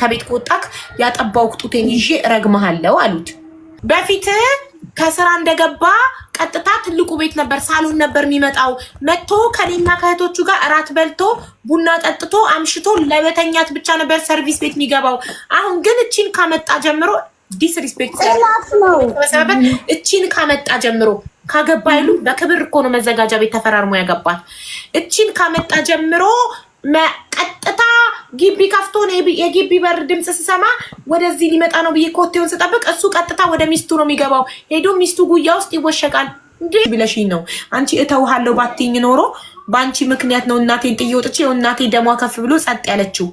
ከቤት ከወጣክ ያጠባው ጡቴን ይዤ እረግመሃለሁ አሉት። በፊት ከስራ እንደገባ ቀጥታ ትልቁ ቤት ነበር፣ ሳሎን ነበር የሚመጣው። መጥቶ ከኔና ከእህቶቹ ጋር እራት በልቶ ቡና ጠጥቶ አምሽቶ ለመተኛት ብቻ ነበር ሰርቪስ ቤት የሚገባው። አሁን ግን እቺን ካመጣ ጀምሮ ዲስሪስፔክት ሰበበት። እቺን ካመጣ ጀምሮ ካገባ ይሉ በክብር እኮ ነው መዘጋጃ ቤት ተፈራርሞ ያገባል። እቺን ካመጣ ጀምሮ ቀጥታ ግቢ ከፍቶ የግቢ በር ድምፅ ስሰማ ወደዚህ ሊመጣ ነው ብዬ ኮቴውን ስጠብቅ እሱ ቀጥታ ወደ ሚስቱ ነው የሚገባው። ሄዶ ሚስቱ ጉያ ውስጥ ይወሸቃል። እንዴ ብለሽኝ ነው አንቺ እተውሃለሁ ባትይኝ ኖሮ በአንቺ ምክንያት ነው እናቴን ጥዬ ወጥቼ እናቴ ደሟ ከፍ ብሎ ጸጥ ያለችው።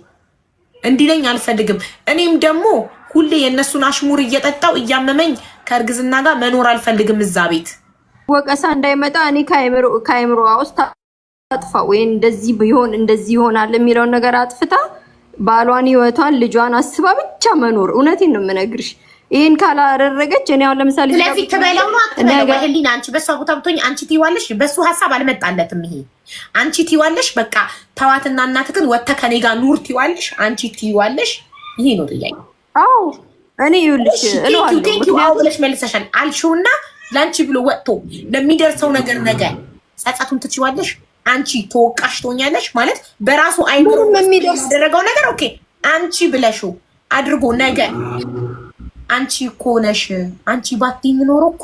እንዲለኝ አልፈልግም። እኔም ደግሞ ሁሌ የእነሱን አሽሙር እየጠጣው እያመመኝ ከእርግዝና ጋር መኖር አልፈልግም። እዛ ቤት ወቀሳ እንዳይመጣ እኔ ከአይምሮ ውስጥ አጥፋ ወይ እንደዚህ ቢሆን እንደዚህ ይሆናል የሚለውን ነገር አጥፍታ ባሏን፣ ህይወቷን፣ ልጇን አስባ ብቻ መኖር። እውነቴን ነው የምነግርሽ። ይሄን ካላደረገች እኔ አሁን ለምሳሌ ስለዚህ ትበለው ነው አትበለው ወይ ህሊና አንቺ በሷ ቦታ ብትሆኝ አንቺ ትይዋለሽ። በሱ ሀሳብ አልመጣለትም ይሄ አንቺ ትይዋለሽ። በቃ ተዋትና እናትክን ወጥተህ ከኔ ጋር ኑር ትይዋለሽ። አንቺ ትይዋለሽ። ይሄ ነው ጥያቄ። አዎ እኔ ይኸውልሽ እለዋለሁ። ምክንያቱ ብለሽ መልሰሻል አልሽውና ለአንቺ ብሎ ወጥቶ ለሚደርሰው ነገር ነገ ጸጸቱን ትችዋለሽ። አንቺ ተወቃሽ ትሆኛለሽ ማለት በራሱ አይምሮ የሚደረገው ነገር ኦኬ፣ አንቺ ብለሽው አድርጎ ነገ አንቺ እኮ ነሽ አንቺ ባትኝ ኖሮ እኮ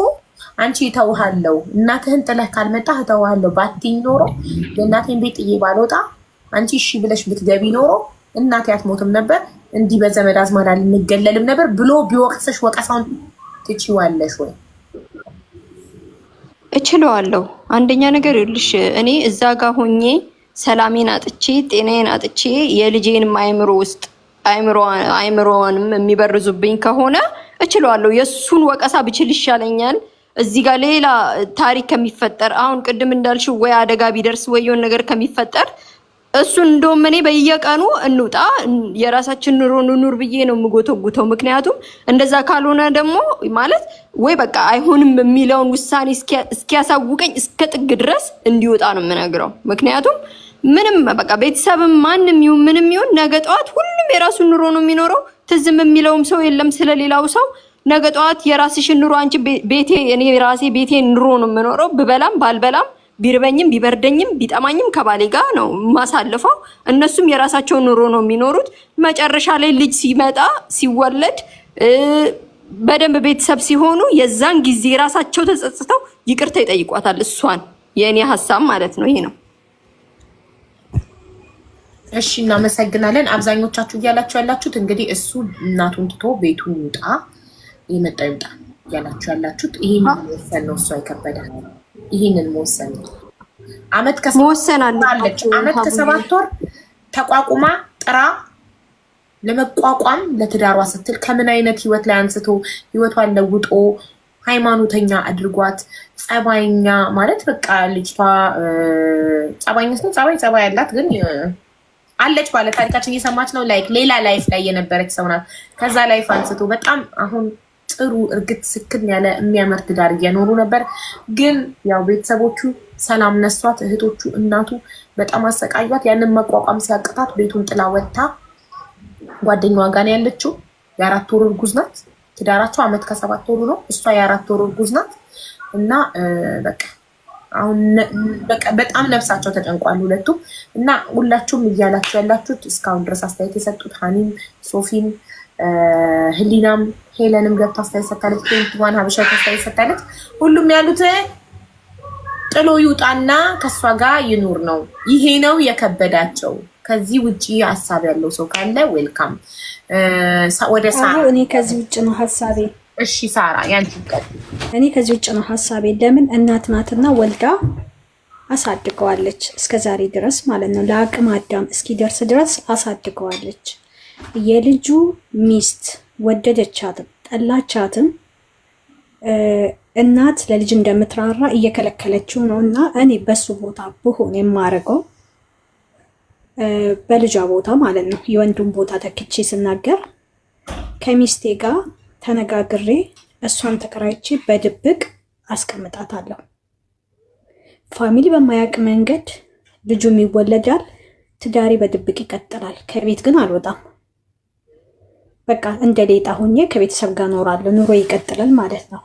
አንቺ እተውሃለሁ፣ እናትህን ጥለህ ካልመጣህ እተውሃለሁ ባትኝ ኖሮ የእናቴን ቤት ጥዬ ባልወጣ አንቺ እሺ ብለሽ ብትገቢ ኖሮ እናቴ አትሞትም ነበር፣ እንዲህ በዘመድ አዝማድ አልንገለልም ነበር ብሎ ቢወቅሰሽ ወቀሳውን ትችዋለሽ ወይ? እችለዋለሁ አንደኛ ነገር ይልሽ እኔ እዛ ጋር ሆኜ ሰላሜን አጥቼ ጤናዬን አጥቼ የልጄንም አይምሮ ውስጥ አይምሮዋንም የሚበርዙብኝ ከሆነ እችለዋለሁ። የእሱን ወቀሳ ብችል ይሻለኛል። እዚህ ጋር ሌላ ታሪክ ከሚፈጠር አሁን ቅድም እንዳልሽው ወይ አደጋ ቢደርስ ወይ የሆነ ነገር ከሚፈጠር እሱ እንደውም እኔ በየቀኑ እንውጣ የራሳችን ኑሮ ኑር ብዬ ነው የምጎተጉተው። ምክንያቱም እንደዛ ካልሆነ ደግሞ ማለት ወይ በቃ አይሆንም የሚለውን ውሳኔ እስኪያሳውቀኝ እስከ ጥግ ድረስ እንዲወጣ ነው የምነግረው። ምክንያቱም ምንም በቃ ቤተሰብም ማንም ይሁን ምንም ይሁን ነገ ጠዋት ሁሉም የራሱን ኑሮ ነው የሚኖረው። ትዝም የሚለውም ሰው የለም ስለሌላው ሰው ነገ ጠዋት የራስሽን ኑሮ አንቺ ቤቴ እኔ ራሴ ቤቴ ኑሮ ነው የምኖረው ብበላም ባልበላም ቢርበኝም ቢበርደኝም ቢጠማኝም ከባሌ ጋር ነው ማሳልፈው። እነሱም የራሳቸውን ኑሮ ነው የሚኖሩት። መጨረሻ ላይ ልጅ ሲመጣ ሲወለድ በደንብ ቤተሰብ ሲሆኑ የዛን ጊዜ ራሳቸው ተጸጽተው ይቅርታ ይጠይቋታል። እሷን የእኔ ሀሳብ ማለት ነው ይሄ ነው። እሺ እናመሰግናለን። አብዛኞቻችሁ እያላችሁ ያላችሁት እንግዲህ እሱ እናቱን ትቶ ቤቱን ይውጣ፣ የመጣ ይውጣ እያላችሁ ያላችሁት ይሄ ነው እሱ አይከበዳል ይህንን መወሰን አመት አመት ከሰባት ወር ተቋቁማ ጥራ ለመቋቋም ለትዳሯ ስትል ከምን አይነት ህይወት ላይ አንስቶ ህይወቷን ለውጦ ሃይማኖተኛ አድርጓት ጸባይኛ ማለት በቃ ልጅቷ ጸባይኛ ስለ ጸባይ ጸባይ ያላት ግን አለች ባለ ታሪካችን እየሰማች ነው። ላይክ ሌላ ላይፍ ላይ የነበረች ሰው ናት። ከዛ ላይፍ አንስቶ በጣም አሁን ጥሩ እርግጥ ስክን ያለ የሚያምር ትዳር እየኖሩ ነበር። ግን ያው ቤተሰቦቹ ሰላም ነሷት፣ እህቶቹ፣ እናቱ በጣም አሰቃዩት። ያንን መቋቋም ሲያቅታት ቤቱን ጥላ ወጥታ ጓደኛዋ ጋር ያለችው። የአራት ወር እርጉዝ ናት። ትዳራቸው አመት ከሰባት ወሩ ነው። እሷ የአራት ወር እርጉዝ ናት እና በቃ አሁን በጣም ነፍሳቸው ተጨንቋል ሁለቱም እና ሁላችሁም እያላችሁ ያላችሁት እስካሁን ድረስ አስተያየት የሰጡት ሀኒም ሶፊም ህሊናም ሄለንም ገብታ አስተያየት ሰታለች። ፔንትዋን ሀበሻ አስተያየት ሰታለች። ሁሉም ያሉት ጥሎ ይውጣና ከእሷ ጋር ይኑር ነው። ይሄ ነው የከበዳቸው። ከዚህ ውጭ ሀሳብ ያለው ሰው ካለ ዌልካም። ወደ ሳራ እኔ ከዚህ ውጭ ነው ሀሳቤ። እሺ ሳራ ያንቺ ቀጥ። እኔ ከዚህ ውጭ ነው ሀሳቤ። ለምን እናት ናትና ወልዳ አሳድገዋለች እስከ ዛሬ ድረስ ማለት ነው። ለአቅም አዳም እስኪደርስ ድረስ አሳድገዋለች። የልጁ ሚስት ወደደቻትም ጠላቻትም እናት ለልጅ እንደምትራራ እየከለከለችው ነው። እና እኔ በሱ ቦታ ብሆን የማደርገው በልጇ ቦታ ማለት ነው የወንዱን ቦታ ተክቼ ስናገር ከሚስቴ ጋር ተነጋግሬ እሷን ተከራይቼ በድብቅ አስቀምጣታለሁ። ፋሚሊ በማያውቅ መንገድ ልጁም ይወለዳል። ትዳሬ በድብቅ ይቀጥላል። ከቤት ግን አልወጣም። በቃ እንደ ሌጣ ሆኜ ከቤተሰብ ጋር ኖራለሁ፣ ኑሮ ይቀጥላል ማለት ነው።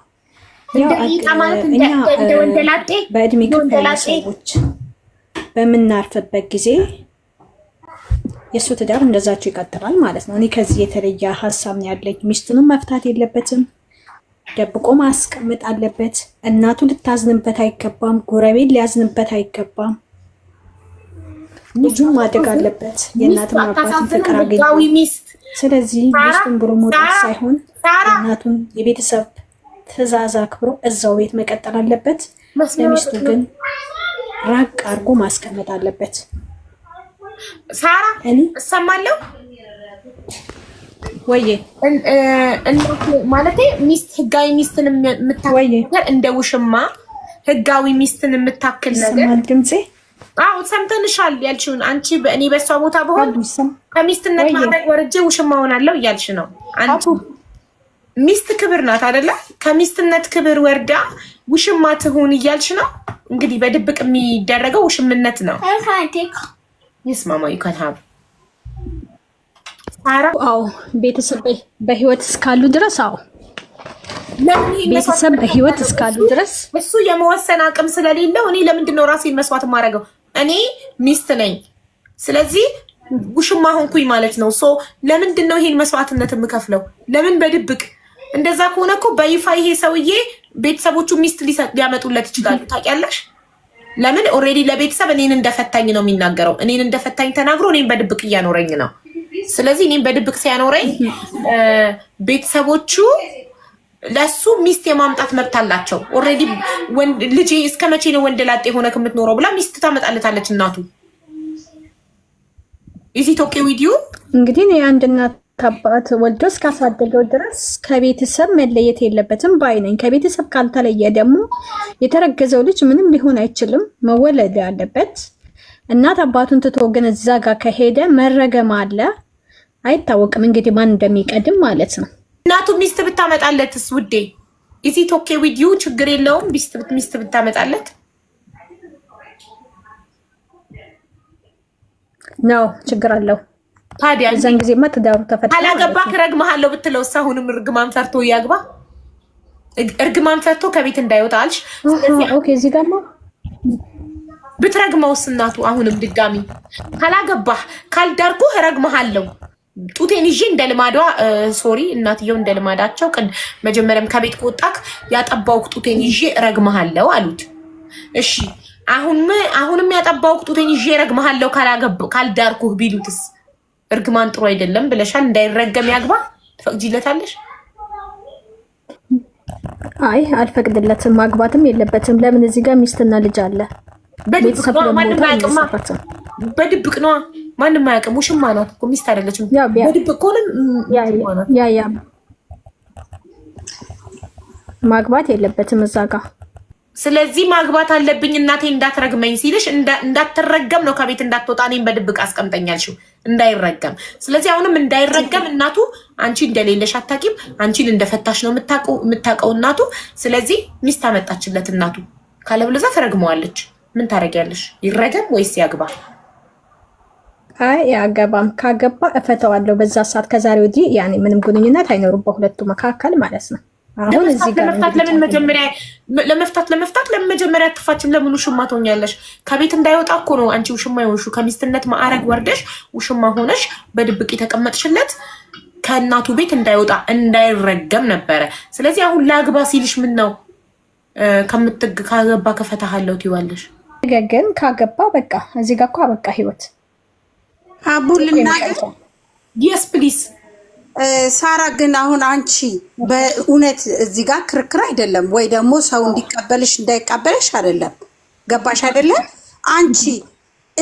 በእድሜ ሰዎች በምናርፍበት ጊዜ የእሱ ትዳር እንደዛቸው ይቀጥላል ማለት ነው። እኔ ከዚህ የተለየ ሀሳብ ነው ያለኝ። ሚስቱንም መፍታት የለበትም ደብቆ ማስቀመጥ አለበት። እናቱ ልታዝንበት አይገባም። ጎረቤት ሊያዝንበት አይገባም። ልጁም ማደግ አለበት። የእናትም አባትን ፍቅር አገኘ ሚስት ስለዚህ ሚስቱን ብሎ መውጣት ሳይሆን እናቱን የቤተሰብ ትዕዛዝ አክብሮ እዛው ቤት መቀጠል አለበት። ለሚስቱ ግን ራቅ አድርጎ ማስቀመጥ አለበት። ሳራ እሰማለሁ ማለት ሚስት ህጋዊ ሚስትን የምታክል እንደ ውሽማ ህጋዊ ሚስትን የምታክል ነገር ድምፄ አዎ ሰምተንሻል ያልሽውን አንቺ በእኔ በሷ ቦታ በሆን ከሚስትነት ማድረግ ወርጄ ውሽማ ሆናለሁ እያልሽ ነው። አንቺ ሚስት ክብር ናት አደለ? ከሚስትነት ክብር ወርዳ ውሽማ ትሁን እያልሽ ነው። እንግዲህ በድብቅ የሚደረገው ውሽምነት ነው። ይስማማዊ ከታብ አዎ ቤተሰብ በህይወት እስካሉ ድረስ አዎ ቤተሰብ በህይወት እስካሉ ድረስ እሱ የመወሰን አቅም ስለሌለው እኔ ለምንድነው ራሴን መስዋዕት ማድረገው? እኔ ሚስት ነኝ። ስለዚህ ውሽማ ሆንኩኝ ማለት ነው። ሶ ለምንድን ነው ይሄን መስዋዕትነት የምከፍለው? ለምን በድብቅ እንደዛ ከሆነ እኮ በይፋ ይሄ ሰውዬ ቤተሰቦቹ ሚስት ሊያመጡለት ይችላሉ። ታውቂያለሽ? ለምን ኦልሬዲ ለቤተሰብ እኔን እንደፈታኝ ነው የሚናገረው። እኔን እንደፈታኝ ተናግሮ እኔን በድብቅ እያኖረኝ ነው። ስለዚህ እኔን በድብቅ ሲያኖረኝ ቤተሰቦቹ ለሱ ሚስት የማምጣት መብት አላቸው። ኦልሬዲ ልጅ እስከ መቼ ነው ወንድ ላጤ የሆነ ከምትኖረው ብላ ሚስት ታመጣለታለች እናቱ። ኢዚት ኦኬ ዊዲዮ እንግዲህ የአንድ እናት አባት ወልዶ እስካሳደገው ድረስ ከቤተሰብ መለየት የለበትም ባይ ነኝ። ከቤተሰብ ካልተለየ ደግሞ የተረገዘው ልጅ ምንም ሊሆን አይችልም፣ መወለድ አለበት። እናት አባቱን ትቶ ግን እዛ ጋር ከሄደ መረገም አለ። አይታወቅም እንግዲህ ማን እንደሚቀድም ማለት ነው። እናቱ ሚስት ብታመጣለትስ ውዴ ኢዚት ቶኬ ዊድ ዩ ችግር የለውም። ሚስት ብታመጣለት ነው ችግር አለው። ታዲያ እዛን ጊዜማ ትዳሩ ተፈታ። ካላገባ ረግመሃለሁ ብትለው እሳ አሁንም እርግማን ፈርቶ እያግባ እርግማን ፈርቶ ከቤት እንዳይወጣ አልሽ። ኦኬ እዚህ ጋርማ ብትረግመውስ እናቱ አሁንም ድጋሚ ካላገባህ ካልዳርኩህ ረግመሃለሁ ጡቴን ይዤ እንደ ልማዷ ሶሪ እናትየው እንደ ልማዳቸው መጀመሪያም ከቤት ከወጣክ ያጠባውክ ጡቴን ይዤ እረግመሃለሁ አሉት። እሺ አሁንም ያጠባውክ ጡቴን ይዤ እረግመሃለሁ ካልዳርኩህ ቢሉትስ? እርግማን ጥሩ አይደለም ብለሻል፣ እንዳይረገም ያግባ ትፈቅጂለታለሽ? አይ አልፈቅድለትም፣ ማግባትም የለበትም። ለምን እዚህ ጋር ሚስትና ልጅ አለ። በድብቅ ነዋ። ማንም አያውቅም። ውሽማ ናት እኮ ሚስት አይደለችም። በድብቅ ከሆነም ያ ያ ማግባት የለበትም እዛ ጋ። ስለዚህ ማግባት አለብኝ እናቴ እንዳትረግመኝ ሲልሽ እንዳትረገም ነው ከቤት እንዳትወጣ እኔም በድብቅ አስቀምጠኛልሽው እንዳይረገም። ስለዚህ አሁንም እንዳይረገም እናቱ አንቺ እንደሌለሽ አታቂም፣ አንቺን እንደፈታሽ ነው የምታውቀው እናቱ። ስለዚህ ሚስት አመጣችለት እናቱ። ካለብለዛ ትረግመዋለች። ምን ታደርጊያለሽ? ይረገም ወይስ ያግባ? አይ አገባም። ካገባ እፈተዋለሁ በዛ ሰዓት። ከዛሬ ወዲህ ያኔ ምንም ግንኙነት አይኖሩም በሁለቱ መካከል ማለት ነው። አሁን እዚህ ለመፍታት ለምን መጀመሪያ ለመፍታት ለመፍታት ለምን መጀመሪያ ትፋችን ለምን ውሽማ ትሆኛለሽ? ከቤት እንዳይወጣ እኮ ነው አንቺ ውሽማ የሆንሹ። ከሚስትነት ማዕረግ ወርደሽ ውሽማ ሆነሽ በድብቅ የተቀመጥሽለት ከእናቱ ቤት እንዳይወጣ እንዳይረገም ነበረ። ስለዚህ አሁን ለአግባ ሲልሽ ምን ነው ከምትግ ካገባ ከፈታሃለው ትይዋለሽ። ግን ካገባ በቃ እዚህ ጋር እኮ ህይወት አቡ ልናገር? የስ ፕሊስ። ሳራ ግን አሁን አንቺ በእውነት እዚህ ጋር ክርክር አይደለም ወይ ደግሞ ሰው እንዲቀበልሽ እንዳይቀበልሽ አይደለም። ገባሽ አይደለም? አንቺ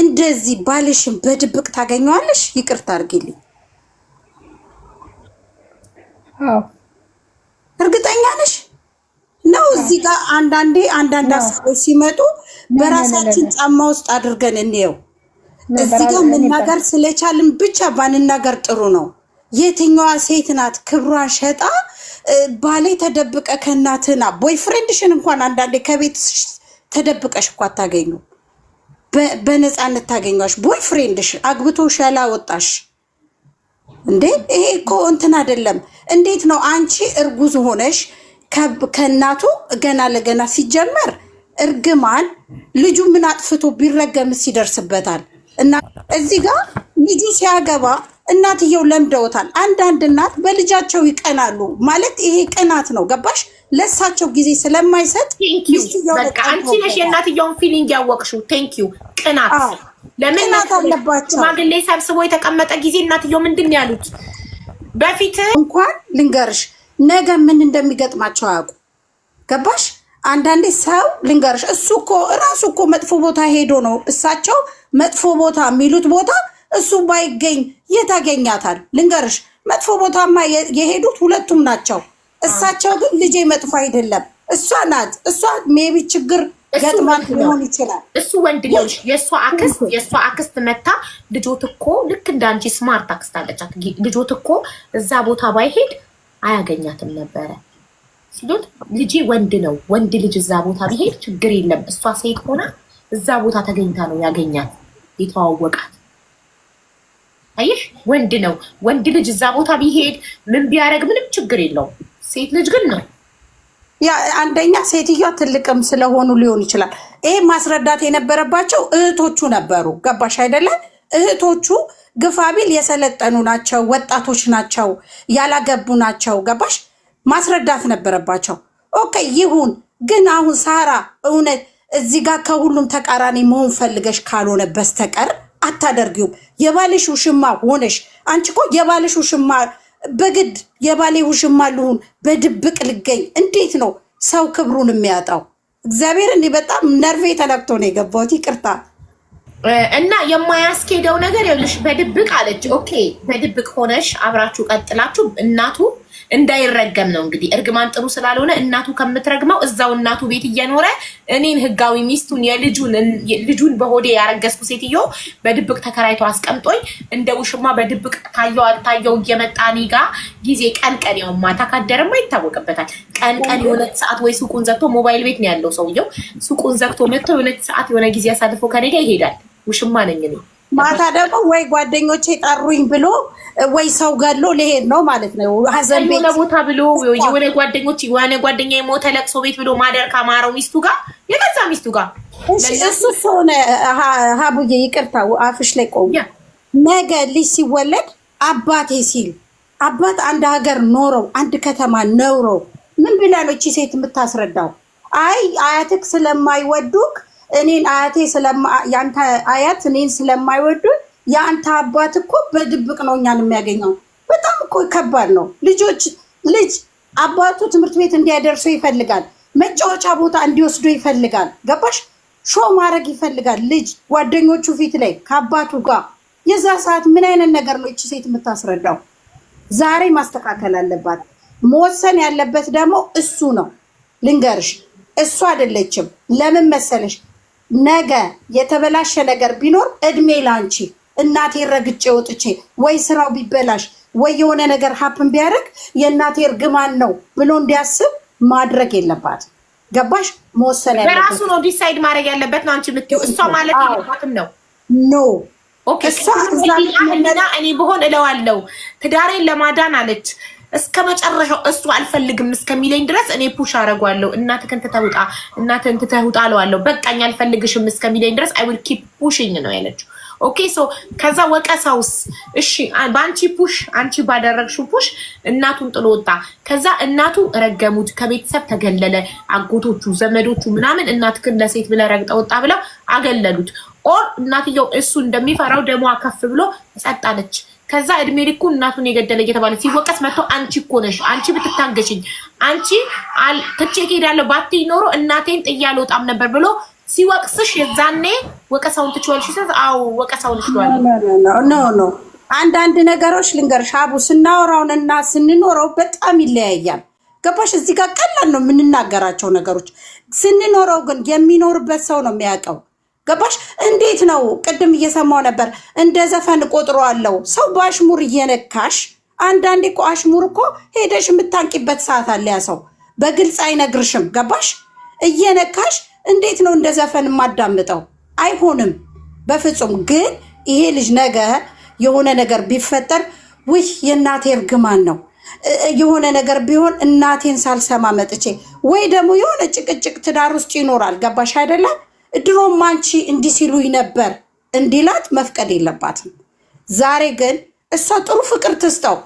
እንደዚህ ባልሽን በድብቅ ታገኘዋለሽ። ይቅርታ አድርጊልኝ። እርግጠኛ ነሽ ነው? እዚህ ጋር አንዳንዴ አንዳንድ አስቦች ሲመጡ በራሳችን ጫማ ውስጥ አድርገን እንየው። እዚህ ጋር መናገር ስለቻልን ብቻ ባንናገር ጥሩ ነው። የትኛዋ ሴት ናት ክብሯን ሸጣ ባሌ ተደብቀ ከእናትና ቦይፍሬንድሽን እንኳን አንዳንዴ ከቤት ተደብቀሽ እኳ አታገኙ በነፃነት ታገኟሽ። ቦይፍሬንድሽ አግብቶሽ ያላወጣሽ እንዴ? ይሄ እኮ እንትን አይደለም። እንዴት ነው አንቺ እርጉዝ ሆነሽ ከእናቱ ገና ለገና ሲጀመር እርግማን ልጁ ምን አጥፍቶ ቢረገምስ ይደርስበታል? እና እዚህ ጋር ልጁ ሲያገባ እናትየው ለምደውታል። አንዳንድ እናት በልጃቸው ይቀናሉ። ማለት ይሄ ቅናት ነው። ገባሽ? ለሳቸው ጊዜ ስለማይሰጥ አንቺ ነሽ የእናትየውን ፊሊንግ ያወቅሽው። ቴንክ ቅናት ለምንናት አለባቸው። ሽማግሌ ሰብስቦ የተቀመጠ ጊዜ እናትየው ምንድን ነው ያሉት? በፊት እንኳን ልንገርሽ፣ ነገ ምን እንደሚገጥማቸው አያውቁ። ገባሽ? አንዳንዴ ሰው ልንገርሽ፣ እሱ እኮ እራሱ እኮ መጥፎ ቦታ ሄዶ ነው። እሳቸው መጥፎ ቦታ የሚሉት ቦታ እሱ ባይገኝ የታገኛታል? ልንገርሽ፣ መጥፎ ቦታማ የሄዱት ሁለቱም ናቸው። እሳቸው ግን ልጄ መጥፎ አይደለም፣ እሷ ናት። እሷ ሜቢ ችግር ገጥማት ሊሆን ይችላል። እሱ ወንድ ልጅ የእሷ አክስት የእሷ አክስት መታ ልጆት እኮ ልክ እንደ አንቺ ስማርት አክስት አለቻት። ልጆት እኮ እዛ ቦታ ባይሄድ አያገኛትም ነበረ ሲሉት ልጄ ወንድ ነው፣ ወንድ ልጅ እዛ ቦታ ቢሄድ ችግር የለም። እሷ ሴት ሆና እዛ ቦታ ተገኝታ ነው ያገኛት የተዋወቃት። አየሽ፣ ወንድ ነው፣ ወንድ ልጅ እዛ ቦታ ቢሄድ ምን ቢያደርግ ምንም ችግር የለው ሴት ልጅ ግን ነው አንደኛ ሴትዮዋ ትልቅም ስለሆኑ ሊሆን ይችላል። ይሄ ማስረዳት የነበረባቸው እህቶቹ ነበሩ። ገባሽ አይደለም? እህቶቹ ግፋቢል የሰለጠኑ ናቸው፣ ወጣቶች ናቸው፣ ያላገቡ ናቸው። ገባሽ ማስረዳት ነበረባቸው። ኦኬ ይሁን፣ ግን አሁን ሳራ እውነት እዚህ ጋር ከሁሉም ተቃራኒ መሆን ፈልገሽ ካልሆነ በስተቀር አታደርጊውም። የባልሽ ውሽማ ሆነሽ አንቺ እኮ የባልሽ ውሽማ በግድ የባሌ ውሽማ ልሁን፣ በድብቅ ልገኝ፣ እንዴት ነው ሰው ክብሩን የሚያጣው? እግዚአብሔር እኔ በጣም ነርቬ ተነክቶ ነው የገባሁት። ይቅርታ እና የማያስኬደው ነገር ይኸውልሽ፣ በድብቅ አለች። ኦኬ በድብቅ ሆነሽ አብራችሁ ቀጥላችሁ እናቱ እንዳይረገም ነው እንግዲህ እርግማን ጥሩ ስላልሆነ እናቱ ከምትረግመው እዛው እናቱ ቤት እየኖረ እኔን ህጋዊ ሚስቱን ልጁን በሆዴ ያረገዝኩ ሴትዮ በድብቅ ተከራይቶ አስቀምጦኝ እንደ ውሽማ በድብቅ ታየው አልታየው እየመጣ እኔ ጋ ጊዜ ቀን ቀን ያው ማታ ካደረማ ይታወቅበታል። ቀን ቀን የሆነች ሰዓት ወይ ሱቁን ዘግቶ ሞባይል ቤት ነው ያለው ሰውየው። ሱቁን ዘግቶ መጥቶ የሆነች ሰዓት የሆነ ጊዜ አሳልፎ ከኔ ጋ ይሄዳል። ውሽማ ነኝ እኔ ማታ ደግሞ ወይ ጓደኞቼ ጠሩኝ ብሎ ወይ ሰው ገሎ ሊሄድ ነው ማለት ነው። ሀዘን ቤት ለቦታ ብሎ የሆነ ጓደኞች የሆነ ጓደኛ የሞተ ለቅሶ ቤት ብሎ ማደር ከማረው ሚስቱ ጋር የገዛ ሚስቱ ጋር እሱ ሆነ። ሀቡዬ ይቅርታ አፍሽ ላይ ቆሙ። ነገ ልጅ ሲወለድ አባቴ ሲል አባት አንድ ሀገር ኖረው አንድ ከተማ ነውረው ምን ብላ ነው እቺ ሴት የምታስረዳው? አይ አያትክ ስለማይወዱክ እኔን አያቴ የአንተ አያት እኔን ስለማይወዱን የአንተ አባት እኮ በድብቅ ነው እኛን የሚያገኘው። በጣም እኮ ከባድ ነው። ልጆች ልጅ አባቱ ትምህርት ቤት እንዲያደርሰው ይፈልጋል። መጫወቻ ቦታ እንዲወስዶ ይፈልጋል። ገባሽ? ሾ ማድረግ ይፈልጋል ልጅ ጓደኞቹ ፊት ላይ ከአባቱ ጋር። የዛ ሰዓት ምን አይነት ነገር ነው እቺ ሴት የምታስረዳው? ዛሬ ማስተካከል አለባት። መወሰን ያለበት ደግሞ እሱ ነው። ልንገርሽ፣ እሱ አይደለችም። ለምን መሰለሽ ነገ የተበላሸ ነገር ቢኖር እድሜ ላንቺ እናቴ ረግጬ ወጥቼ ወይ ስራው ቢበላሽ ወይ የሆነ ነገር ሀፕን ቢያደርግ የእናቴ እርግማን ነው ብሎ እንዲያስብ ማድረግ የለባት። ገባሽ? መወሰን በራሱ ነው ዲሳይድ ማድረግ ያለበት ነው። አንቺ ምት እሷ ማለት የለባትም ነው። ኖ እሷ እኔ ብሆን እለዋለው ትዳሬን ለማዳን አለች እስከ መጨረሻው እሱ አልፈልግም እስከሚለኝ ድረስ እኔ ፑሽ አረጓለሁ። እናትህን ትተህ ውጣ፣ እናትህን ትተህ ውጣ አለዋለሁ። በቃኝ አልፈልግሽም እስከሚለኝ ድረስ አይ ዊል ኪፕ ነው ያለችው። ኦኬ ሶ ከዛ ወቀሳውስ? እሺ በአንቺ ፑሽ፣ አንቺ ባደረግሽው ፑሽ እናቱን ጥሎ ወጣ። ከዛ እናቱ ረገሙት፣ ከቤተሰብ ተገለለ። አጎቶቹ፣ ዘመዶቹ ምናምን እናትህን ለሴት ብለህ ረግጠ ወጣ ብለው አገለሉት። ኦር እናትየው እሱ እንደሚፈራው ደሞ ከፍ ብሎ ጸጥ አለች። ከዛ እድሜ ልኩ እናቱን የገደለ እየተባለ ሲወቀስ መጥቶ አንቺ እኮ ነሽ አንቺ ብትታገሽኝ አንቺ ትቼ እሄዳለሁ ባትይ ኖሮ እናቴን ጥዬ አልወጣም ነበር ብሎ ሲወቅስሽ የዛኔ ወቀሳውን ትችዋልሽ። ሲሰጥ አዎ ወቀሳውን ትችዋል። ኖ ኖ አንዳንድ ነገሮች ልንገርሽ አቡ ስናወራውንና ስንኖረው በጣም ይለያያል። ገባሽ? እዚህ ጋር ቀላል ነው የምንናገራቸው ነገሮች። ስንኖረው ግን የሚኖርበት ሰው ነው የሚያውቀው ገባሽ? እንዴት ነው? ቅድም እየሰማው ነበር እንደ ዘፈን ቆጥሮ አለው ሰው በአሽሙር እየነካሽ። አንዳንዴ እኮ አሽሙር እኮ ሄደሽ የምታንቂበት ሰዓት አለ። ያ ሰው በግልጽ አይነግርሽም። ገባሽ? እየነካሽ እንዴት ነው እንደ ዘፈን የማዳምጠው? አይሆንም በፍጹም። ግን ይሄ ልጅ ነገ የሆነ ነገር ቢፈጠር ውይ የእናቴ እርግማን ነው የሆነ ነገር ቢሆን እናቴን ሳልሰማ መጥቼ ወይ ደግሞ የሆነ ጭቅጭቅ ትዳር ውስጥ ይኖራል። ገባሽ አይደለም? ድሮም አንቺ እንዲህ ሲሉኝ ነበር እንዲላት መፍቀድ የለባትም። ዛሬ ግን እሷ ጥሩ ፍቅር ትስጠው።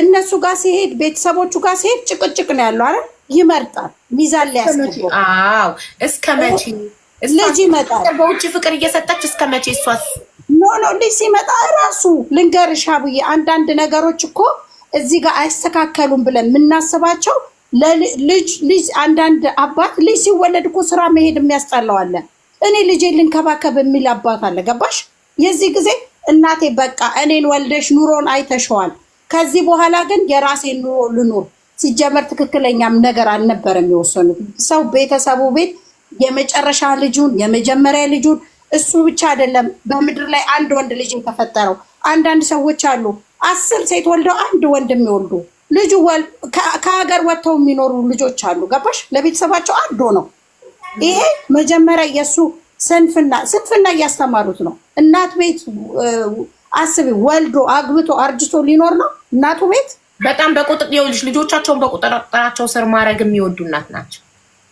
እነሱ ጋር ሲሄድ፣ ቤተሰቦቹ ጋር ሲሄድ ጭቅጭቅ ነው ያለው አረ ይመርጣል፣ ሚዛን ላይ ያስገባል። እስከ መቼ ልጅ ይመጣል በውጭ ፍቅር እየሰጠች እስከ መቼ እሷስ? ኖ ኖ ልጅ ሲመጣ እራሱ ልንገርሽ አብዬ፣ አንዳንድ ነገሮች እኮ እዚህ ጋር አይስተካከሉም ብለን የምናስባቸው ልጅ ልጅ አንዳንድ አባት ልጅ ሲወለድ እኮ ስራ መሄድ የሚያስጠላዋለን እኔ ልጄ ልንከባከብ የሚል አባት አለ። ገባሽ? የዚህ ጊዜ እናቴ በቃ እኔን ወልደሽ ኑሮን አይተሸዋል። ከዚህ በኋላ ግን የራሴን ኑሮ ልኑር። ሲጀመር ትክክለኛም ነገር አልነበረም የወሰኑት። ሰው ቤተሰቡ ቤት የመጨረሻ ልጁን የመጀመሪያ ልጁን እሱ ብቻ አይደለም በምድር ላይ አንድ ወንድ ልጅ የተፈጠረው። አንዳንድ ሰዎች አሉ አስር ሴት ወልደው አንድ ወንድ የሚወልዱ ልጁ ከሀገር ወጥተው የሚኖሩ ልጆች አሉ። ገባሽ? ለቤተሰባቸው አንዱ ነው። ይሄ መጀመሪያ የእሱ ስንፍና ስንፍና እያስተማሩት ነው። እናት ቤት አስቢ፣ ወልዶ አግብቶ አርጅቶ ሊኖር ነው እናቱ ቤት። በጣም በቁጥጥ የውልሽ ልጆቻቸውን በቁጥጥራቸው ስር ማድረግ የሚወዱ እናት ናቸው።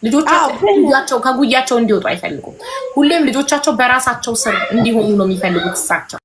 ልጆቻቸው ከጉያቸው እንዲወጡ አይፈልጉም። ሁሌም ልጆቻቸው በራሳቸው ስር እንዲሆኑ ነው የሚፈልጉት እሳቸው